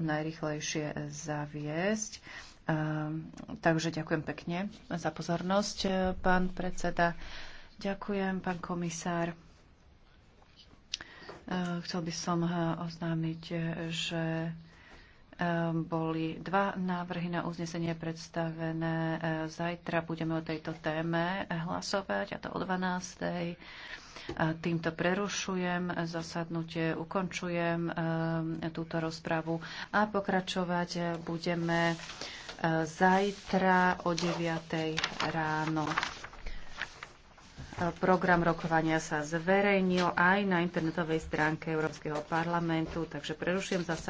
najrychlejšie zaviesť. Ehm, takže ďakujem pekne za pozornosť, eh, pán predseda. Ďakujem, pán komisár. Ehm, chcel by som eh, oznámiť, eh, že ehm, boli dva návrhy na uznesenie predstavené. Zajtra budeme o tejto téme hlasovať, a to o 12. Týmto prerušujem zasadnutie, ukončujem e, túto rozpravu a pokračovať budeme e, zajtra o 9. ráno. E, program rokovania sa zverejnil aj na internetovej stránke Európskeho parlamentu, takže prerušujem zasadnutie.